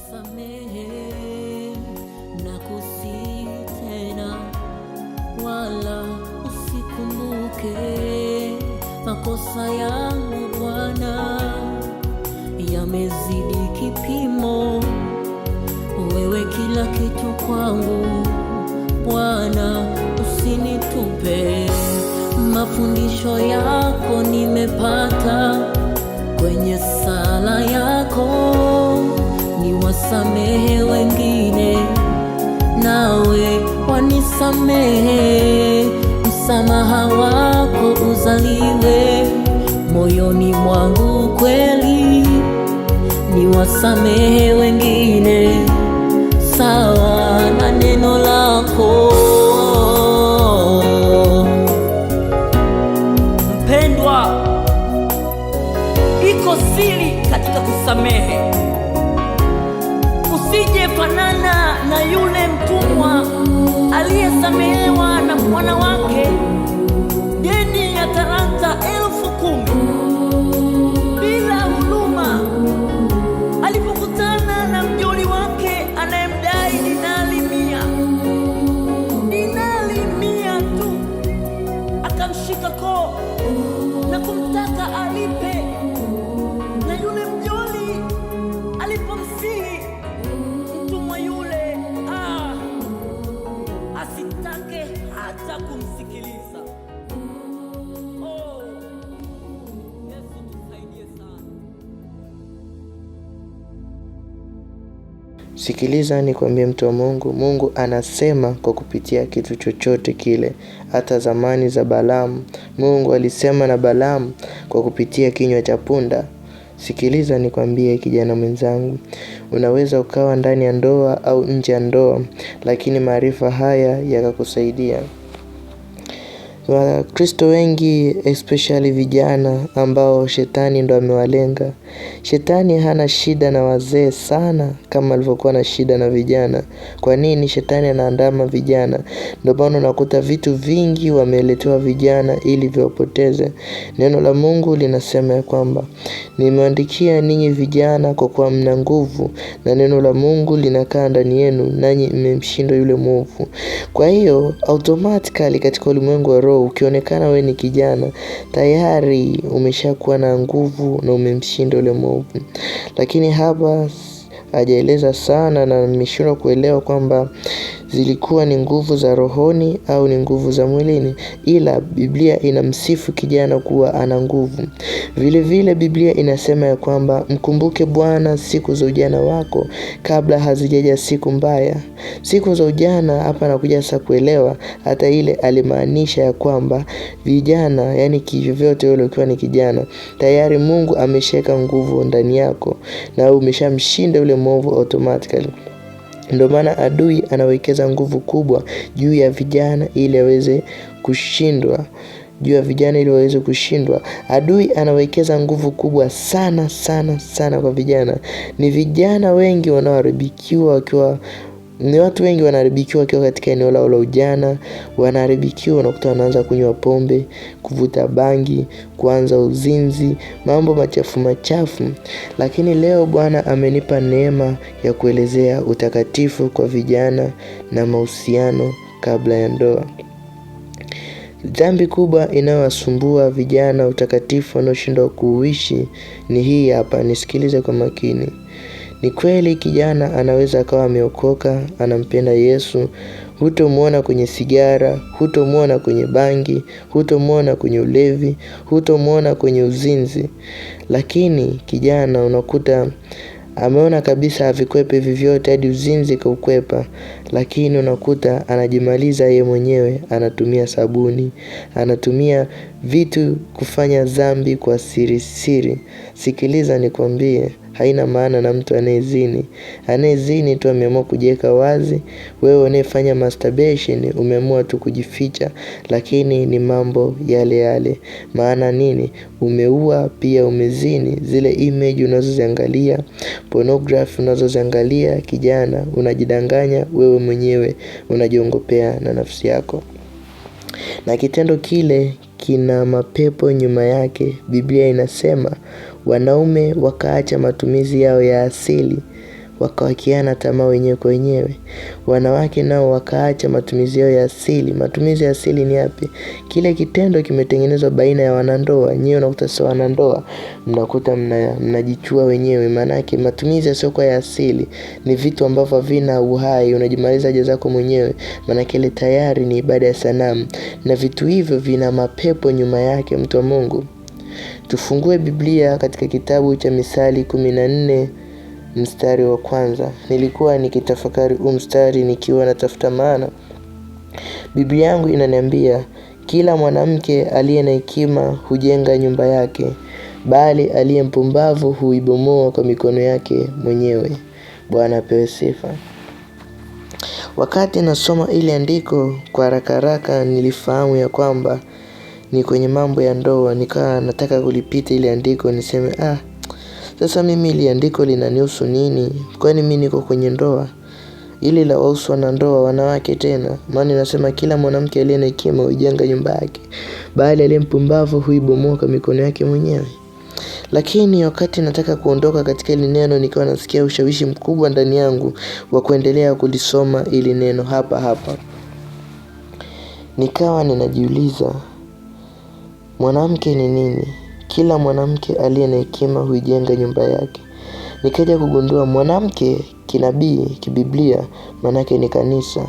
nisamehe na kusi tena, wala usikumbuke makosa yangu Bwana, yamezidi kipimo. Wewe kila kitu kwangu Bwana, usinitupe. Mafundisho yako nimepata kwenye sala yako wasamehe wengine, nawe wanisamehe. Msamaha wako uzaliwe moyoni mwangu kweli, ni wasamehe wengine sawa na neno lako. Mpendwa, iko siri katika kusamehe Sikiliza nikwambie mtu wa Mungu, Mungu anasema kwa kupitia kitu chochote kile, hata zamani za Balaamu. Mungu alisema na Balaamu kwa kupitia kinywa cha punda. Sikiliza nikwambie, kijana mwenzangu, unaweza ukawa ndani ya ndoa au nje ya ndoa, lakini maarifa haya yakakusaidia. Wakristo wengi especially vijana ambao shetani ndo amewalenga Shetani hana shida na wazee sana kama alivyokuwa na shida na vijana. Kwa nini? Shetani anaandama vijana, ndio maana unakuta vitu vingi wameletewa vijana ili viwapoteze. Neno la Mungu linasema ya kwamba nimeandikia ninyi vijana, kwa kuwa mna nguvu na neno la Mungu linakaa ndani yenu, nanyi mmemshinda yule mwovu. Kwa hiyo automatically katika ulimwengu wa roho, ukionekana we ni kijana tayari umeshakuwa na nguvu na umemshinda ule mweupe, lakini hapa hajaeleza sana na nimeshindwa kuelewa kwamba zilikuwa ni nguvu za rohoni au ni nguvu za mwilini, ila Biblia inamsifu kijana kuwa ana nguvu. Vile vile Biblia inasema ya kwamba mkumbuke Bwana siku za ujana wako kabla hazijaja siku mbaya. Siku za ujana hapa nakuja sasa kuelewa hata ile alimaanisha ya kwamba vijana, yani kivyovyote wewe ukiwa ni kijana tayari Mungu amesheka nguvu ndani yako na umeshamshinda yule mwovu automatically. Ndio maana adui anawekeza nguvu kubwa juu ya vijana ili aweze kushindwa juu ya vijana ili waweze kushindwa. Adui anawekeza nguvu kubwa sana sana sana kwa vijana. Ni vijana wengi wanaoharibikiwa wakiwa ni watu wengi wanaharibikiwa wakiwa katika eneo lao la ujana, wanaharibikiwa, unakuta wanaanza kunywa pombe, kuvuta bangi, kuanza uzinzi, mambo machafu machafu. Lakini leo Bwana amenipa neema ya kuelezea utakatifu kwa vijana na mahusiano kabla ya ndoa. Dhambi kubwa inayowasumbua vijana utakatifu wanaoshindwa kuuishi ni hii hapa, nisikilize kwa makini. Ni kweli kijana anaweza akawa ameokoka, anampenda Yesu, hutomwona kwenye sigara, hutomwona kwenye bangi, hutomwona kwenye ulevi, hutomwona kwenye uzinzi. Lakini kijana unakuta ameona kabisa havikwepe hivi vyote hadi uzinzi kaukwepa, lakini unakuta anajimaliza yeye mwenyewe, anatumia sabuni, anatumia vitu kufanya dhambi kwa siri siri. Sikiliza nikwambie, haina maana na mtu anayezini. Anayezini tu ameamua kujiweka wazi, wewe unayefanya masturbation umeamua tu kujificha, lakini ni mambo yale yale. Maana nini? Umeua pia umezini. Zile image unazoziangalia, pornography unazoziangalia, kijana unajidanganya wewe mwenyewe, unajiongopea na nafsi yako. Na kitendo kile kina mapepo nyuma yake. Biblia inasema Wanaume wakaacha matumizi yao ya asili wakawakiana tamaa wenyewe kwa wenyewe. Wanawake nao wakaacha matumizi yao ya asili. Matumizi ya asili ni yapi? Kile kitendo kimetengenezwa baina ya wanandoa, nyewe unakuta sio wanandoa, mnakuta mnajichua wenyewe, maanake matumizi yasiyokuwa ya asili ni vitu ambavyo havina uhai, unajimaliza haja zako mwenyewe, maanake ile tayari ni ibada ya sanamu, na vitu hivyo vina mapepo nyuma yake, mtu wa Mungu. Tufungue Biblia katika kitabu cha Misali 14 mstari wa kwanza. Nilikuwa nikitafakari huu mstari nikiwa natafuta maana. Biblia yangu inaniambia kila mwanamke aliye na hekima hujenga nyumba yake, bali aliye mpumbavu huibomoa kwa mikono yake mwenyewe. Bwana apewe sifa. Wakati nasoma ile andiko kwa haraka haraka, nilifahamu ya kwamba ni kwenye mambo ya ndoa, nikawa nataka kulipita ile andiko niseme ah, sasa mimi ile andiko linanihusu nini? Kwani mimi niko kwenye ndoa? Ili la wahusu ndoa wanawake tena, maana nasema kila mwanamke aliye na hekima huijenga nyumba yake, bali aliye mpumbavu huibomoka mikono yake mwenyewe. Lakini wakati nataka kuondoka katika ili neno, nikawa nasikia ushawishi mkubwa ndani yangu wa kuendelea kulisoma ili neno hapa hapa, nikawa ninajiuliza Mwanamke ni nini? Kila mwanamke aliye na hekima huijenga nyumba yake. Nikaja kugundua mwanamke kinabii, kibiblia, maanake ni kanisa.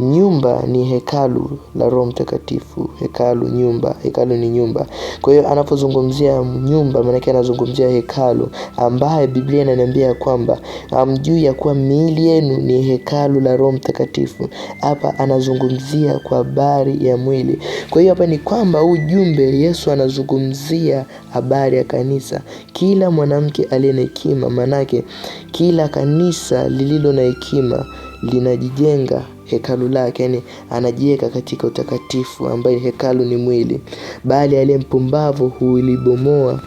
Nyumba ni hekalu la roho mtakatifu, hekalu nyumba, hekalu ni nyumba. Kwa hiyo anapozungumzia nyumba, maanake anazungumzia hekalu, ambaye Biblia inaniambia kwamba amjui um, ya kuwa miili yenu ni hekalu la roho mtakatifu. Hapa anazungumzia kwa habari ya mwili. Kwa hiyo hapa ni kwamba ujumbe Yesu anazungumzia habari ya kanisa, kila mwanamke aliye na hekima, maanake kila kanisa lililo na hekima linajijenga hekalu lake, yani anajiweka katika utakatifu ambaye hekalu ni mwili, bali aliye mpumbavu hulibomoa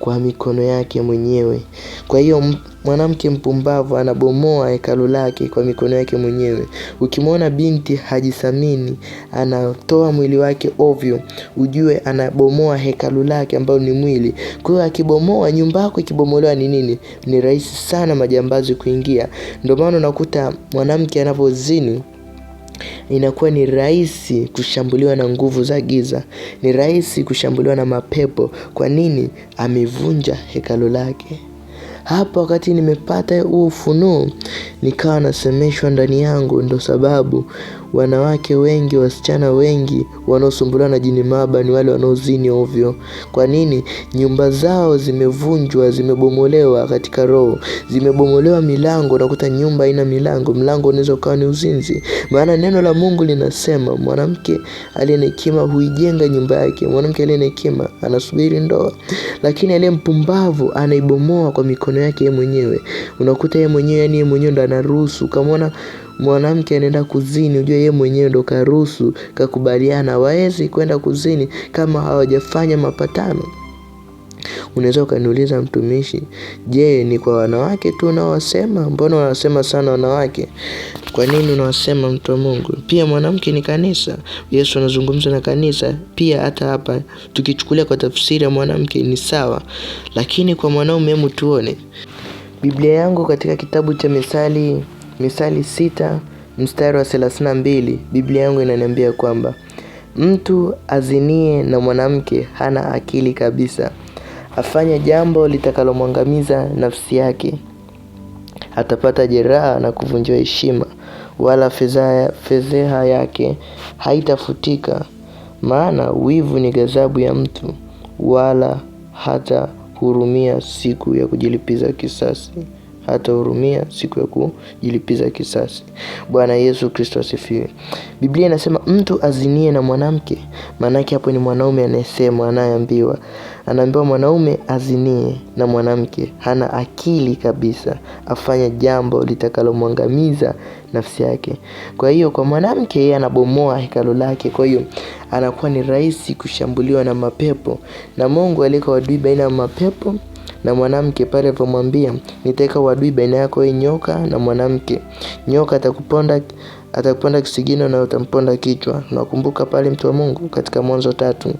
kwa mikono yake mwenyewe. Kwa hiyo mwanamke mpumbavu anabomoa hekalu lake kwa mikono yake mwenyewe. Ukimwona binti hajisamini anatoa mwili wake ovyo, ujue anabomoa hekalu lake ambayo ni mwili. Kwa hiyo akibomoa, nyumba yako ikibomolewa ni nini? Ni rahisi sana majambazi kuingia. Ndio maana unakuta mwanamke anapozini inakuwa ni rahisi kushambuliwa na nguvu za giza, ni rahisi kushambuliwa na mapepo. Kwa nini? Amevunja hekalo lake. Hapa wakati nimepata huo ufunuo, nikawa nasemeshwa ndani yangu, ndo sababu Wanawake wengi, wasichana wengi wanaosumbuliwa na jini maba ni wale wanaozini ovyo. Kwa nini? Nyumba zao zimevunjwa, zimebomolewa katika roho, zimebomolewa milango. Unakuta nyumba haina milango, mlango unaweza ukawa ni uzinzi. Maana neno la Mungu linasema mwanamke aliye na hekima huijenga nyumba yake, mwanamke aliye na hekima anasubiri ndoa, lakini aliye mpumbavu anaibomoa kwa mikono yake yeye mwenyewe. Unakuta yeye mwenyewe, yani yeye mwenyewe ndo anaruhusu. Ukamwona mwanamke anaenda kuzini, ujue yeye mwenyewe ndo karuhusu, kakubaliana, hawawezi kwenda kuzini kama hawajafanya mapatano. Unaweza ukaniuliza mtumishi, je, ni kwa wanawake tu unaowasema? Mbona unawasema sana wanawake? Kwa nini unawasema mtu wa Mungu? Pia mwanamke ni kanisa. Yesu anazungumza na kanisa pia. Hata hapa tukichukulia kwa tafsiri ya mwanamke ni sawa, lakini kwa mwanaume, hemu tuone Biblia yangu katika kitabu cha Mithali Misali sita mstari wa mbili Biblia yangu inaniambia kwamba mtu azinie na mwanamke hana akili kabisa, afanye jambo litakalomwangamiza nafsi yake, atapata jeraha na kuvunjiwa heshima, wala fedheha yake haitafutika. Maana wivu ni ghadhabu ya mtu, wala hata hurumia siku ya kujilipiza kisasi hatahurumia siku ya kujilipiza kisasi. Bwana Yesu Kristo asifiwe. Biblia inasema mtu azinie na mwanamke, maanake hapo ni mwanaume anayesema, anayeambiwa, anaambiwa mwanaume azinie na mwanamke, hana akili kabisa, afanya jambo litakalomwangamiza nafsi yake. Kwa hiyo kwa mwanamke yeye anabomoa hekalo lake, kwa hiyo anakuwa ni rahisi kushambuliwa na mapepo, na Mungu alika wadui baina ya mapepo na mwanamke pale alipomwambia nitaweka uadui baina yako wewe nyoka na mwanamke. Nyoka atakuponda atakuponda kisigino na utamponda kichwa. Nakumbuka pale mtu wa Mungu katika Mwanzo tatu.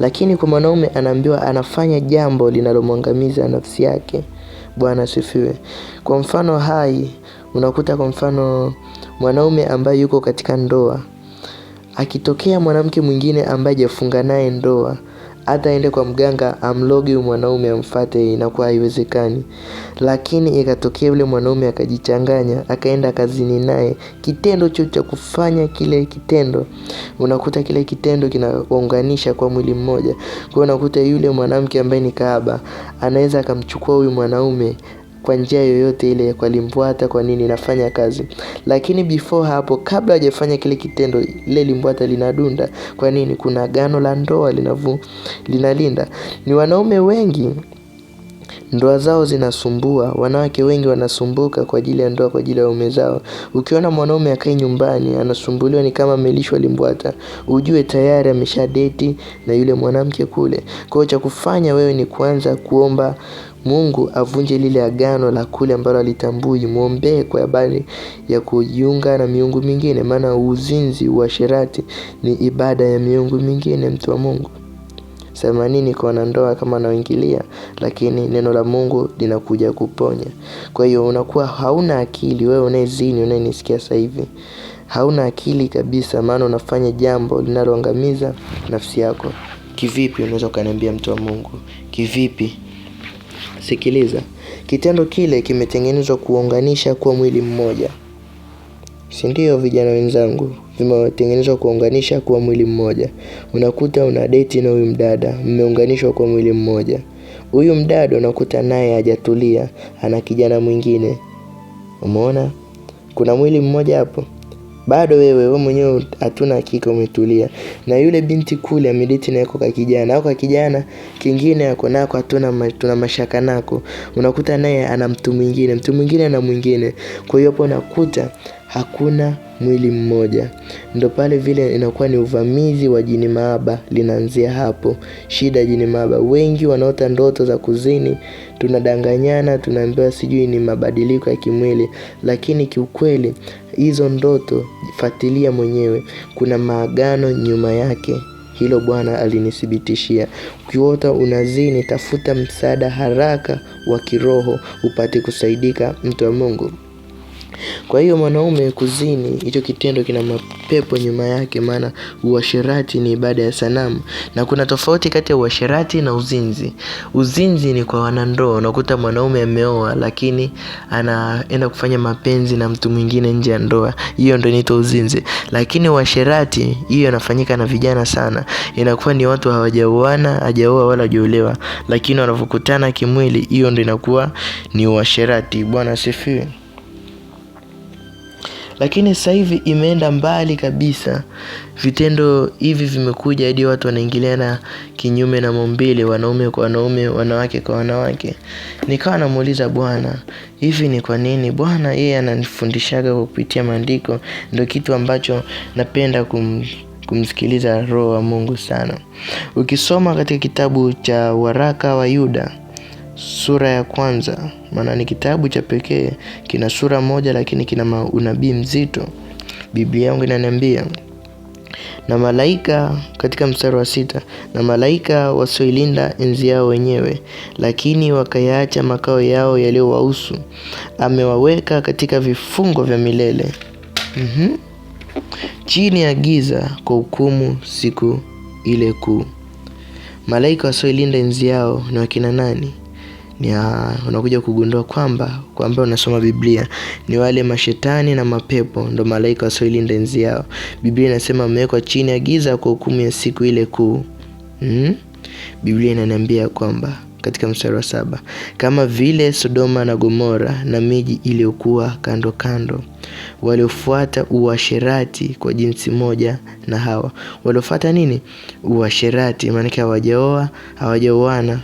Lakini kwa mwanaume anaambiwa anafanya jambo linalomwangamiza nafsi yake. Bwana sifiwe. Kwa mfano hai unakuta kwa mfano mwanaume ambaye yuko katika ndoa akitokea mwanamke mwingine ambaye hajafunga naye ndoa hata aende kwa mganga amlogi huyu mwanaume amfate, inakuwa haiwezekani. Lakini ikatokea yule mwanaume akajichanganya, akaenda kazini naye, kitendo cho cha kufanya kile kitendo, unakuta kile kitendo kinaunganisha kwa mwili mmoja. Kwa unakuta yule mwanamke ambaye ni kahaba anaweza akamchukua huyu mwanaume kwa njia yoyote ile kwa kwa nini nafanya kazi. Lakini before hapo kabla hajafanya kile kitendo ile limbwata linadunda kwa nini kuna gano la ndoa linavu linalinda. Ni wanaume wengi ndoa zao zinasumbua, wanawake wengi wanasumbuka kwa ajili ya ndoa kwa ajili ya ume zao. Ukiona mwanaume akai nyumbani anasumbuliwa ni kama amelishwa limbwata, ujue tayari ameshadeti na yule mwanamke kule. Kwa cha kufanya wewe ni kuanza kuomba Mungu avunje lile agano la kule ambalo alitambui. Mwombee kwa habari ya kujiunga na miungu mingine, maana uzinzi, wa sherati ni ibada ya miungu mingine. Mtu wa Mungu, samanini nini kwa wanandoa kama anaoingilia, lakini neno la Mungu linakuja kuponya. Kwa hiyo unakuwa hauna akili wewe unayezini, unayenisikia sasa hivi, hauna akili kabisa, maana unafanya jambo linaloangamiza nafsi yako. Kivipi unaweza ukaniambia mtu wa Mungu? Kivipi? Sikiliza, kitendo kile kimetengenezwa kuunganisha kuwa mwili mmoja, si ndio vijana wenzangu? Vimetengenezwa kuwaunganisha kuwa mwili mmoja. Unakuta una date na huyu mdada, mmeunganishwa kwa mwili mmoja. Huyu mdada unakuta naye hajatulia, ana kijana mwingine. Umeona kuna mwili mmoja hapo bado wewe wewe mwenyewe hatuna hakika umetulia. Na yule binti kule amedeti na yako ka kijana au ka kijana kingine yako nako, hatuna tuna mashaka nako, unakuta naye ana mtu mwingine, mtu mwingine na mwingine. Kwa hiyo hapo unakuta hakuna mwili mmoja. Ndo pale vile inakuwa ni uvamizi wa jini maaba, linaanzia hapo shida. Jini maaba wengi wanaota ndoto za kuzini, tunadanganyana, tunaambiwa sijui ni mabadiliko ya kimwili, lakini kiukweli hizo ndoto, fatilia mwenyewe, kuna maagano nyuma yake. Hilo Bwana alinithibitishia. Ukiota unazini, tafuta msaada haraka wa kiroho upate kusaidika, mtu wa Mungu. Kwa hiyo mwanaume kuzini hicho kitendo kina mapepo nyuma yake maana uasherati ni ibada ya sanamu na kuna tofauti kati ya uasherati na uzinzi. Uzinzi ni kwa wanandoa unakuta mwanaume ameoa lakini anaenda kufanya mapenzi na mtu mwingine nje ya ndoa. Hiyo ndio inaitwa uzinzi. Lakini uasherati hiyo inafanyika na vijana sana. Inakuwa ni watu hawajaoana, hajaoa wala hajaolewa. Lakini wanavokutana kimwili hiyo ndio inakuwa ni uasherati. Bwana asifiwe. Lakini sasa hivi imeenda mbali kabisa. Vitendo hivi vimekuja hadi watu wanaingiliana kinyume na maumbile, wanaume kwa wanaume, wanawake kwa wanawake. Nikawa namuuliza Bwana, hivi ni kwa nini? Bwana yeye ananifundishaga kupitia maandiko, ndio kitu ambacho napenda kum kumsikiliza roho wa Mungu sana. Ukisoma katika kitabu cha waraka wa Yuda sura ya kwanza, maana ni kitabu cha pekee, kina sura moja lakini kina unabii mzito. Biblia yangu inaniambia na malaika katika mstari wa sita, na malaika wasioilinda enzi yao wenyewe, lakini wakayaacha makao yao yaliyowahusu, amewaweka katika vifungo vya milele mm -hmm. chini ya giza kwa hukumu siku ile kuu. Malaika wasioilinda enzi yao ni wakina nani? ni unakuja kugundua kwamba kwamba unasoma Biblia ni wale mashetani na mapepo ndo malaika wasioilinda enzi yao. Biblia inasema amewekwa chini ya giza kwa hukumu ya siku ile kuu. Mm? Biblia inaniambia kwamba katika mstari wa saba kama vile Sodoma na Gomora na miji iliyokuwa kando kando, waliofuata uasherati kwa jinsi moja na hawa. Waliofuata nini? Uasherati, maanake hawajaoa hawajaoana,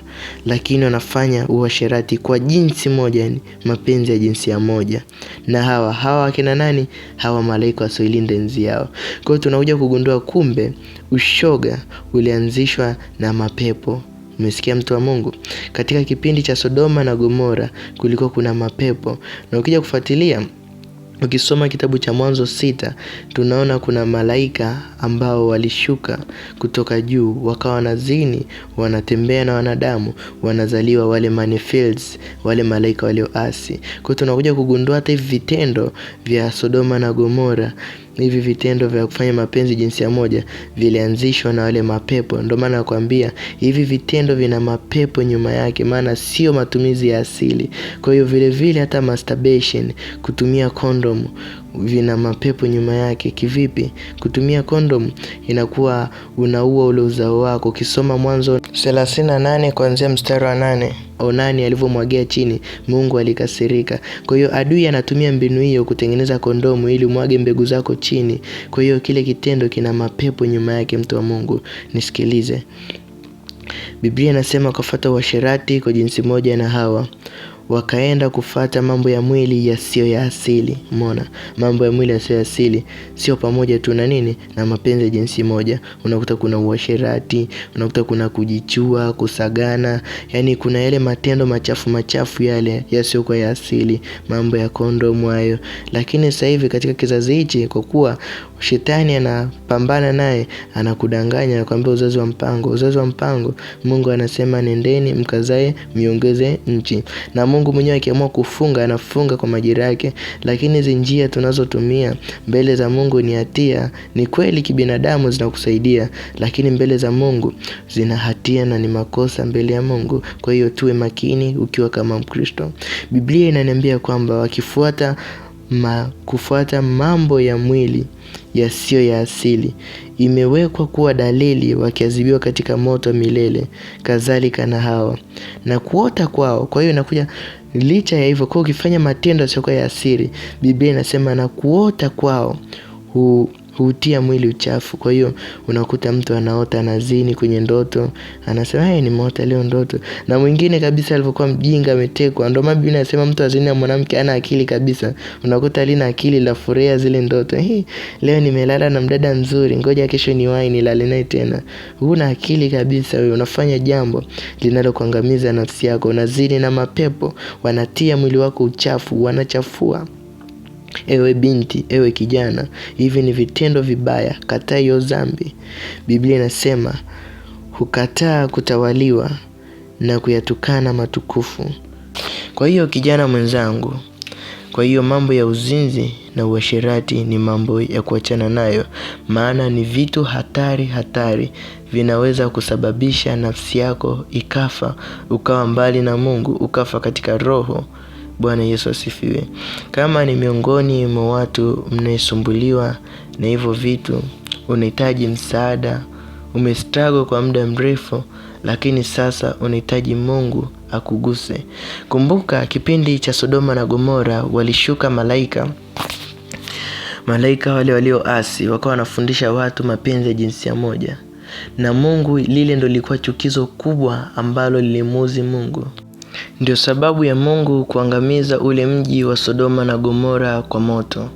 lakini wanafanya uasherati kwa jinsi moja, ni mapenzi ya jinsi ya moja na hawa. Hawa wakina nani? Hawa malaika wasioilinda nzi yao. Kwa hiyo tunakuja kugundua kumbe ushoga ulianzishwa na mapepo. Umesikia mtu wa Mungu? Katika kipindi cha Sodoma na Gomora kulikuwa kuna mapepo, na ukija kufuatilia Ukisoma kitabu cha Mwanzo sita tunaona kuna malaika ambao walishuka kutoka juu, wakawa wanazini, wanatembea na wanadamu, wanazaliwa wale manifields, wale malaika walioasi. Kwa hiyo tunakuja kugundua hata hivi vitendo vya Sodoma na Gomora hivi vitendo vya kufanya mapenzi jinsia moja vilianzishwa na wale mapepo. Ndio maana nakwambia hivi vitendo vina mapepo nyuma yake, maana sio matumizi ya asili. Kwa hiyo vilevile hata masturbation, kutumia kondomu vina mapepo nyuma yake. Kivipi? Kutumia kondom inakuwa unaua ule uzao wako. Ukisoma Mwanzo 38 kuanzia mstari wa nane Onani alivyomwagia chini, Mungu alikasirika. Kwa hiyo adui anatumia mbinu hiyo kutengeneza kondomu ili umwage mbegu zako chini. Kwa hiyo kile kitendo kina mapepo nyuma yake, mtu wa Mungu, nisikilize. Biblia inasema, kafuata uasherati kwa jinsi moja na Hawa wakaenda kufata mambo ya mwili yasiyo ya asili. mona mambo ya mwili yasiyo ya asili sio pamoja tu na nini na mapenzi ya jinsi moja. Unakuta kuna uasherati, unakuta kuna kujichua, kusagana, yani kuna yale matendo machafu machafu yale yasiyokuwa ya asili, mambo ya kondomu hayo. Lakini sasa hivi katika kizazi hichi, kwa kuwa shetani anapambana naye, anakudanganya, anakuambia uzazi wa mpango, uzazi wa mpango. Mungu anasema nendeni mkazae, miongeze nchi na mungu Mungu mwenyewe akiamua kufunga anafunga kwa majira yake, lakini hizi njia tunazotumia mbele za Mungu ni hatia. Ni kweli kibinadamu zinakusaidia, lakini mbele za Mungu zina hatia na ni makosa mbele ya Mungu. Kwa hiyo tuwe makini ukiwa kama Mkristo. Biblia inaniambia kwamba wakifuata ma, kufuata mambo ya mwili yasiyo ya asili imewekwa kuwa dalili wakiadhibiwa katika moto milele, kadhalika na hawa na kuota kwao. Kwa hiyo inakuja licha ya hivyo, kwa ukifanya matendo yasiyokuwa ya asili, Biblia inasema na kuota kwao hu hutia mwili uchafu. Kwa hiyo unakuta mtu anaota anazini kwenye ndoto, anasema hey, nimeota leo ndoto. Na mwingine kabisa alivyokuwa mjinga ametekwa, ndo maana Biblia inasema mtu azini na mwanamke ana akili kabisa. Unakuta halina akili la furahia zile ndoto. Hii leo nimelala na mdada mzuri, ngoja kesho ni niwahi nilale naye tena. Huna akili kabisa wewe, unafanya jambo linalokuangamiza nafsi yako. Unazini na mapepo, wanatia mwili wako uchafu, wanachafua Ewe binti, ewe kijana, hivi ni vitendo vibaya, kataa hiyo dhambi. Biblia inasema hukataa kutawaliwa na kuyatukana matukufu. Kwa hiyo kijana mwenzangu, kwa hiyo mambo ya uzinzi na uasherati ni mambo ya kuachana nayo, maana ni vitu hatari hatari, vinaweza kusababisha nafsi yako ikafa, ukawa mbali na Mungu, ukafa katika roho. Bwana Yesu asifiwe. Kama ni miongoni mwa watu mnaesumbuliwa na hivyo vitu, unahitaji msaada, umestruggle kwa muda mrefu, lakini sasa unahitaji Mungu akuguse. Kumbuka kipindi cha Sodoma na Gomora, walishuka malaika malaika wale walioasi wakawa wanafundisha watu mapenzi ya jinsia moja, na Mungu lile ndo lilikuwa chukizo kubwa ambalo lilimuuzi Mungu ndio sababu ya Mungu kuangamiza ule mji wa Sodoma na Gomora kwa moto.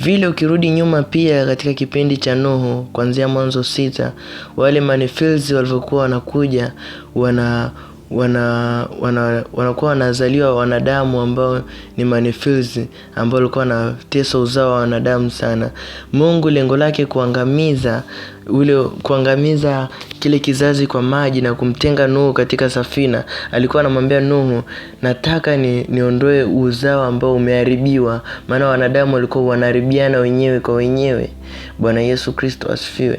Vile ukirudi nyuma pia katika kipindi cha Nuhu kuanzia Mwanzo sita, wale manifilzi walivyokuwa wanakuja wana wana wana wanakuwa wanazaliwa wanadamu ambao ni manifilzi ambao walikuwa wanatesa uzao wa wanadamu sana. Mungu lengo lake kuangamiza ule kuangamiza kile kizazi kwa maji na kumtenga Nuhu katika safina. Alikuwa anamwambia Nuhu, nataka ni, niondoe uzao ambao umeharibiwa, maana wanadamu walikuwa wanaharibiana wenyewe kwa wenyewe. Bwana Yesu Kristo asifiwe.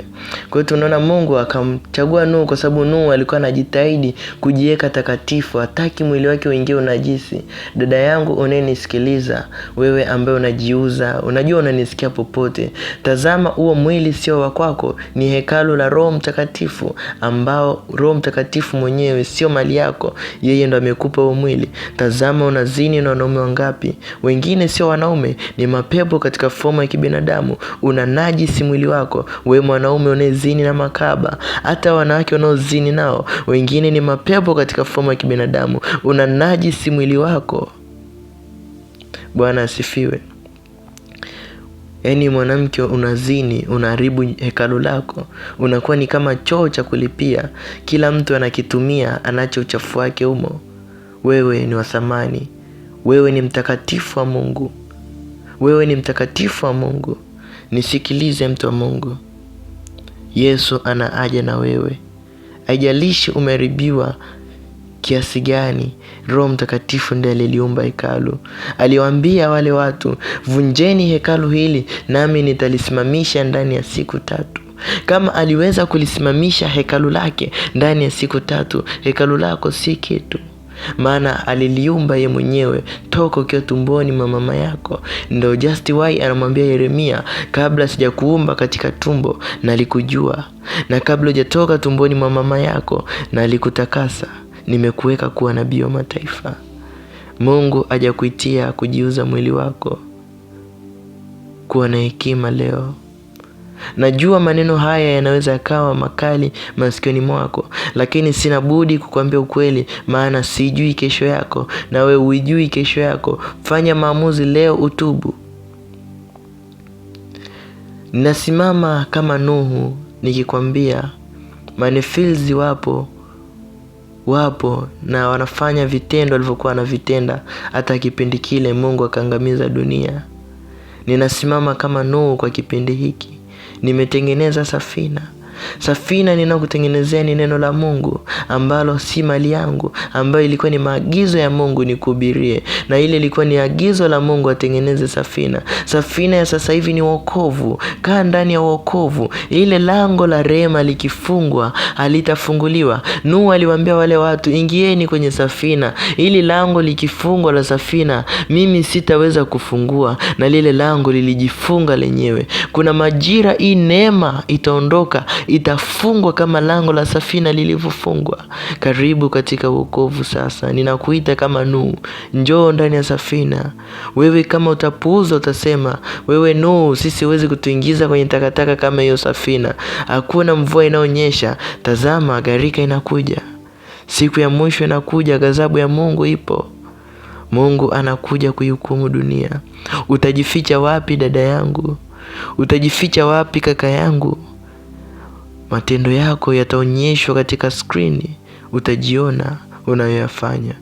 Kwa hiyo tunaona Mungu akamchagua Nuhu kwa sababu Nuhu alikuwa anajitahidi kujiweka takatifu, hataki mwili wake uingie unajisi. Dada yangu unayenisikiliza, wewe ambaye unajiuza, unajua unanisikia popote, tazama huo mwili sio wa kwako ni hekalu la Roho Mtakatifu ambao Roho Mtakatifu mwenyewe sio mali yako, yeye ndo amekupa huu mwili. Tazama unazini na wanaume wangapi, wengine sio wanaume, ni mapepo katika fomu ya kibinadamu. Una najisi mwili wako, we mwanaume unaezini na makaba, hata wanawake unaozini nao, wengine ni mapepo katika fomu ya kibinadamu. Una najisi mwili wako. Bwana asifiwe. Yaani mwanamke unazini, unaharibu hekalo lako, unakuwa ni kama choo cha kulipia, kila mtu anakitumia, anacho uchafu wake humo. Wewe ni wa thamani, wewe ni mtakatifu wa Mungu, wewe ni mtakatifu wa Mungu. Nisikilize mtu wa Mungu, Yesu ana na wewe, haijalishi umeharibiwa kiasi gani Roho Mtakatifu ndiye aliliumba hekalu. Aliwaambia wale watu, vunjeni hekalu hili nami nitalisimamisha ndani ya siku tatu. Kama aliweza kulisimamisha hekalu lake ndani ya siku tatu, hekalu lako si kitu maana aliliumba ye mwenyewe toka ukiwa tumboni mwa mama yako. Ndo just why anamwambia Yeremia, kabla sijakuumba katika tumbo nalikujua, na kabla hujatoka tumboni mwa mama yako nalikutakasa nimekuweka kuwa nabii wa mataifa. Mungu hajakuitia kujiuza mwili wako. Kuwa na hekima leo. Najua maneno haya yanaweza yakawa makali masikioni mwako, lakini sina budi kukwambia ukweli, maana sijui kesho yako na wewe huijui kesho yako. Fanya maamuzi leo, utubu. nasimama kama Nuhu nikikwambia, manefilzi wapo wapo na wanafanya vitendo walivyokuwa wanavitenda, hata kipindi kile Mungu akaangamiza dunia. Ninasimama kama Nuhu kwa kipindi hiki, nimetengeneza safina Safina ninayokutengenezea ni neno la Mungu ambalo si mali yangu, ambayo ilikuwa ni maagizo ya Mungu nikuhubirie, na ile ilikuwa ni agizo la Mungu atengeneze safina. Safina ya sasa hivi ni wokovu. Kaa ndani ya wokovu, ile lango la rehema likifungwa halitafunguliwa. Nuhu aliwaambia wale watu, ingieni kwenye safina, ili lango likifungwa la safina, mimi sitaweza kufungua, na lile lango lilijifunga lenyewe. Kuna majira hii neema itaondoka itafungwa kama lango la safina lilivyofungwa. Karibu katika wokovu sasa, ninakuita kama Nuhu, njoo ndani ya safina. Wewe kama utapuuza, utasema wewe Nuhu, sisi huwezi kutuingiza kwenye takataka kama hiyo safina, hakuna mvua inayonyesha. Tazama, gharika inakuja, siku ya mwisho inakuja, ghadhabu ya Mungu ipo. Mungu anakuja kuihukumu dunia. Utajificha wapi dada yangu? Utajificha wapi kaka yangu? Matendo yako yataonyeshwa katika skrini, utajiona unayoyafanya.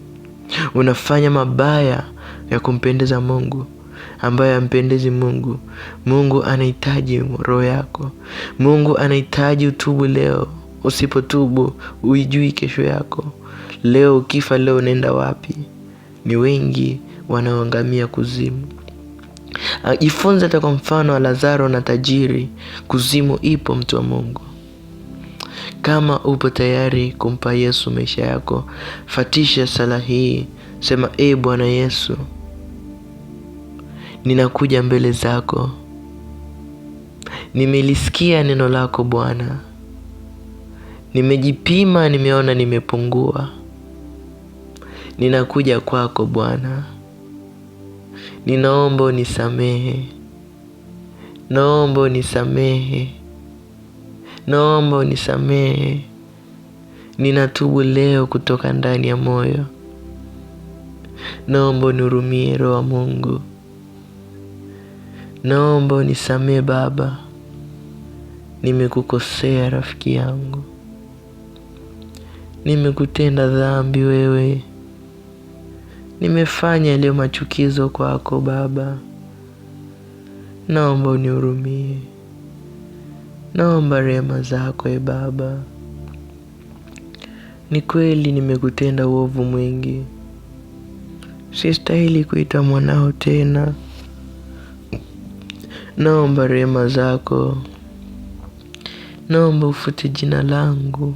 Unafanya mabaya ya kumpendeza Mungu ambayo ampendezi Mungu. Mungu anahitaji roho yako. Mungu anahitaji utubu leo. Usipotubu uijui kesho yako. Leo ukifa, leo unaenda wapi? Ni wengi wanaoangamia kuzimu. Jifunze hata kwa mfano wa Lazaro na tajiri. Kuzimu ipo, mtu wa Mungu. Kama upo tayari kumpa Yesu maisha yako, fatisha sala hii. Sema, e Bwana Yesu, ninakuja mbele zako, nimelisikia neno lako Bwana, nimejipima, nimeona nimepungua. Ninakuja kwako Bwana, ninaomba unisamehe, naomba unisamehe naomba unisamehe, ninatubu leo kutoka ndani ya moyo. Naomba unihurumie, Roho wa Mungu, naomba unisamehe Baba, nimekukosea rafiki yangu, nimekutenda dhambi wewe, nimefanya yaliyo machukizo kwako Baba, naomba unihurumie naomba rehema zako e Baba. Ni kweli nimekutenda uovu mwingi, sistahili kuita mwanao tena. Naomba rehema zako, naomba ufute jina langu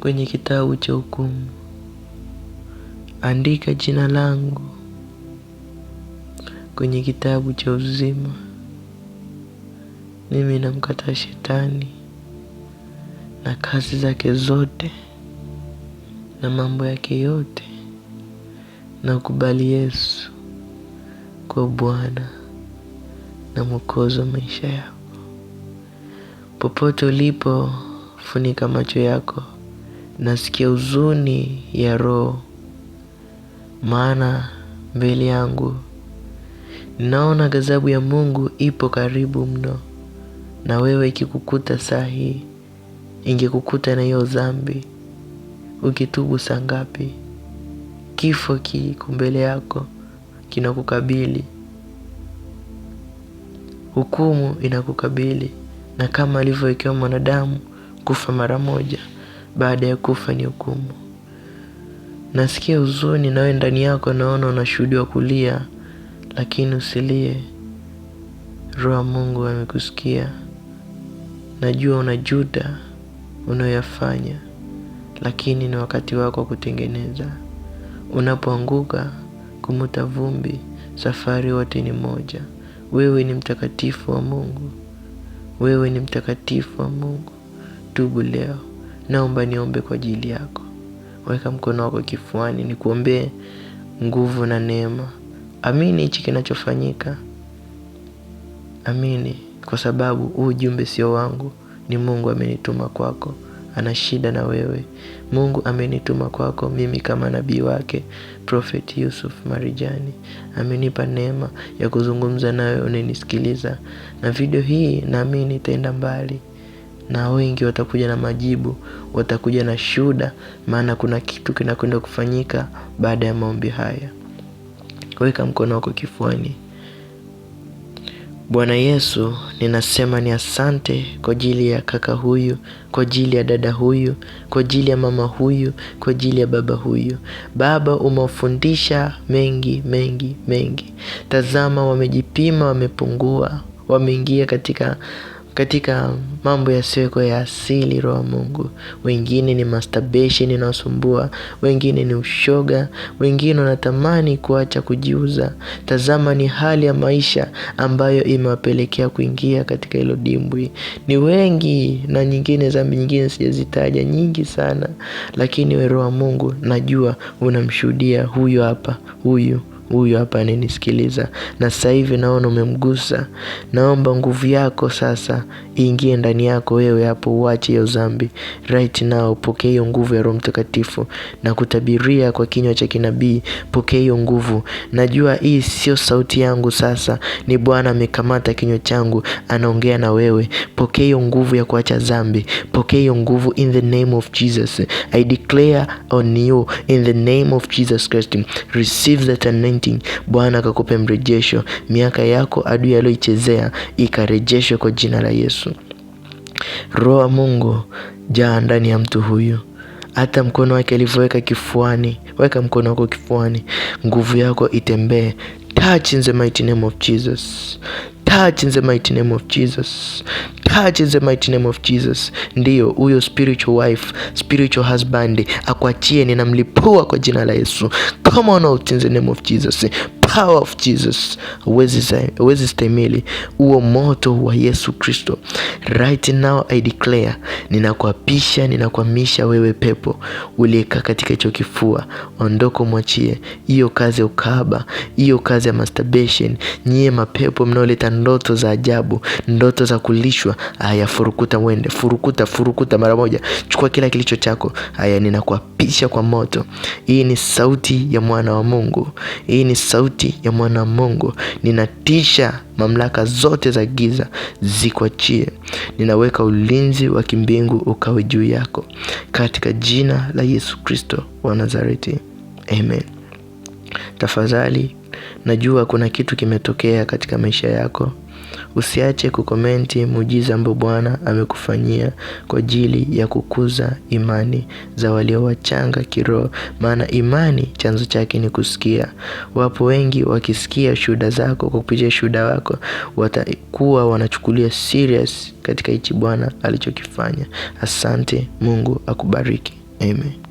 kwenye kitabu cha hukumu. Andika jina langu kwenye kitabu cha uzima. Mimi namkataa shetani na kazi zake zote na mambo yake yote. Nakubali Yesu kwa Bwana na Mwokozi wa maisha yako Popote ulipo, funika macho yako. Nasikia huzuni ya roho, maana mbele yangu naona ghadhabu ya Mungu ipo karibu mno na wewe ikikukuta saa hii ingekukuta na hiyo dhambi, ukitubu saa ngapi? Kifo kiko mbele yako kinakukabili, hukumu inakukabili, na kama alivyowekewa mwanadamu kufa mara moja, baada ya kufa ni hukumu. Nasikia huzuni nawe ndani yako, naona unashuhudiwa kulia, lakini usilie. Roho Mungu amekusikia. Najua una juda unayoyafanya, lakini ni wakati wako wa kutengeneza. Unapoanguka kumuta vumbi, safari wote ni moja. Wewe ni mtakatifu wa Mungu, wewe ni mtakatifu wa Mungu. Tubu leo, naomba niombe kwa ajili yako. Weka mkono wako kifuani, nikuombee nguvu na neema. Amini hichi kinachofanyika, amini kwa sababu huu ujumbe sio wangu, ni Mungu amenituma kwako. Ana shida na wewe. Mungu amenituma kwako mimi kama nabii wake Prophet Yusuf Marijani. Amenipa neema ya kuzungumza nawe unenisikiliza na video hii naamini itaenda mbali na wengi watakuja na majibu, watakuja na shuda maana kuna kitu kinakwenda kufanyika baada ya maombi haya. Weka mkono wako kifuani. Bwana Yesu, ninasema ni asante kwa ajili ya kaka huyu, kwa ajili ya dada huyu, kwa ajili ya mama huyu, kwa ajili ya baba huyu. Baba, umewafundisha mengi mengi mengi. Tazama, wamejipima, wamepungua, wameingia katika katika mambo yasiyoko ya asili, roho Mungu. Wengine ni masturbation inaosumbua, wengine ni ushoga, wengine wanatamani kuacha kujiuza. Tazama, ni hali ya maisha ambayo imewapelekea kuingia katika hilo dimbwi. Ni wengi na nyingine, zambi nyingine sijazitaja, nyingi sana, lakini weroa roho Mungu, najua unamshuhudia huyu hapa, huyu huyu hapa ananisikiliza, na sasa hivi naona umemgusa. Naomba nguvu yako sasa iingie ndani yako wewe hapo, uache hiyo dhambi right now. Pokea hiyo nguvu ya Roho Mtakatifu na kutabiria kwa kinywa cha kinabii, pokea hiyo nguvu. Najua hii sio sauti yangu, sasa ni Bwana amekamata kinywa changu, anaongea na wewe. Pokea hiyo nguvu ya kuacha dhambi, pokea hiyo nguvu in the name of Jesus. I declare on you in the name of Jesus Christ, receive that anointing repenting Bwana akakupe mrejesho. Miaka yako adui aliyoichezea ikarejeshwe kwa jina la Yesu. Roho wa Mungu jaa ndani ya mtu huyu hata mkono wake alivyoweka kifuani, weka mkono wako kifuani, nguvu yako itembee. Touch in the mighty name of Jesus. Touch in the mighty name of Jesus. Touch in the mighty name of Jesus. Ndiyo, huyo spiritual wife, spiritual husband akwachie ninamlipua kwa jina la Yesu. Come on out in the name of Jesus power of Jesus, huwezi stemili huo moto wa Yesu Kristo. Right now I declare, ninakuapisha ninakuamisha wewe pepo uliyekaa katika hicho kifua, ondoko, mwachie hiyo kazi ya ukahaba, hiyo kazi ya masturbation. Nyie mapepo mnaoleta ndoto za ajabu, ndoto za kulishwa, haya furukuta, mwende furukuta, furukuta mara moja, chukua kila kilicho chako. Haya, ninakuapisha kwa moto. Hii ni sauti ya mwana wa Mungu, hii ni sauti sauti ya mungu ninatisha mamlaka zote za giza zikuachie, ninaweka ulinzi wa kimbingu ukawe juu yako, katika jina la Yesu Kristo wa Nazareti, amen. Tafadhali, najua kuna kitu kimetokea katika maisha yako. Usiache kukomenti mujiza ambao Bwana amekufanyia kwa ajili ya kukuza imani za walio wachanga kiroho, maana imani chanzo chake ni kusikia. Wapo wengi wakisikia shuhuda zako, kwa kupitia shuhuda wako watakuwa wanachukulia serious katika hichi Bwana alichokifanya. Asante, Mungu akubariki. Amen.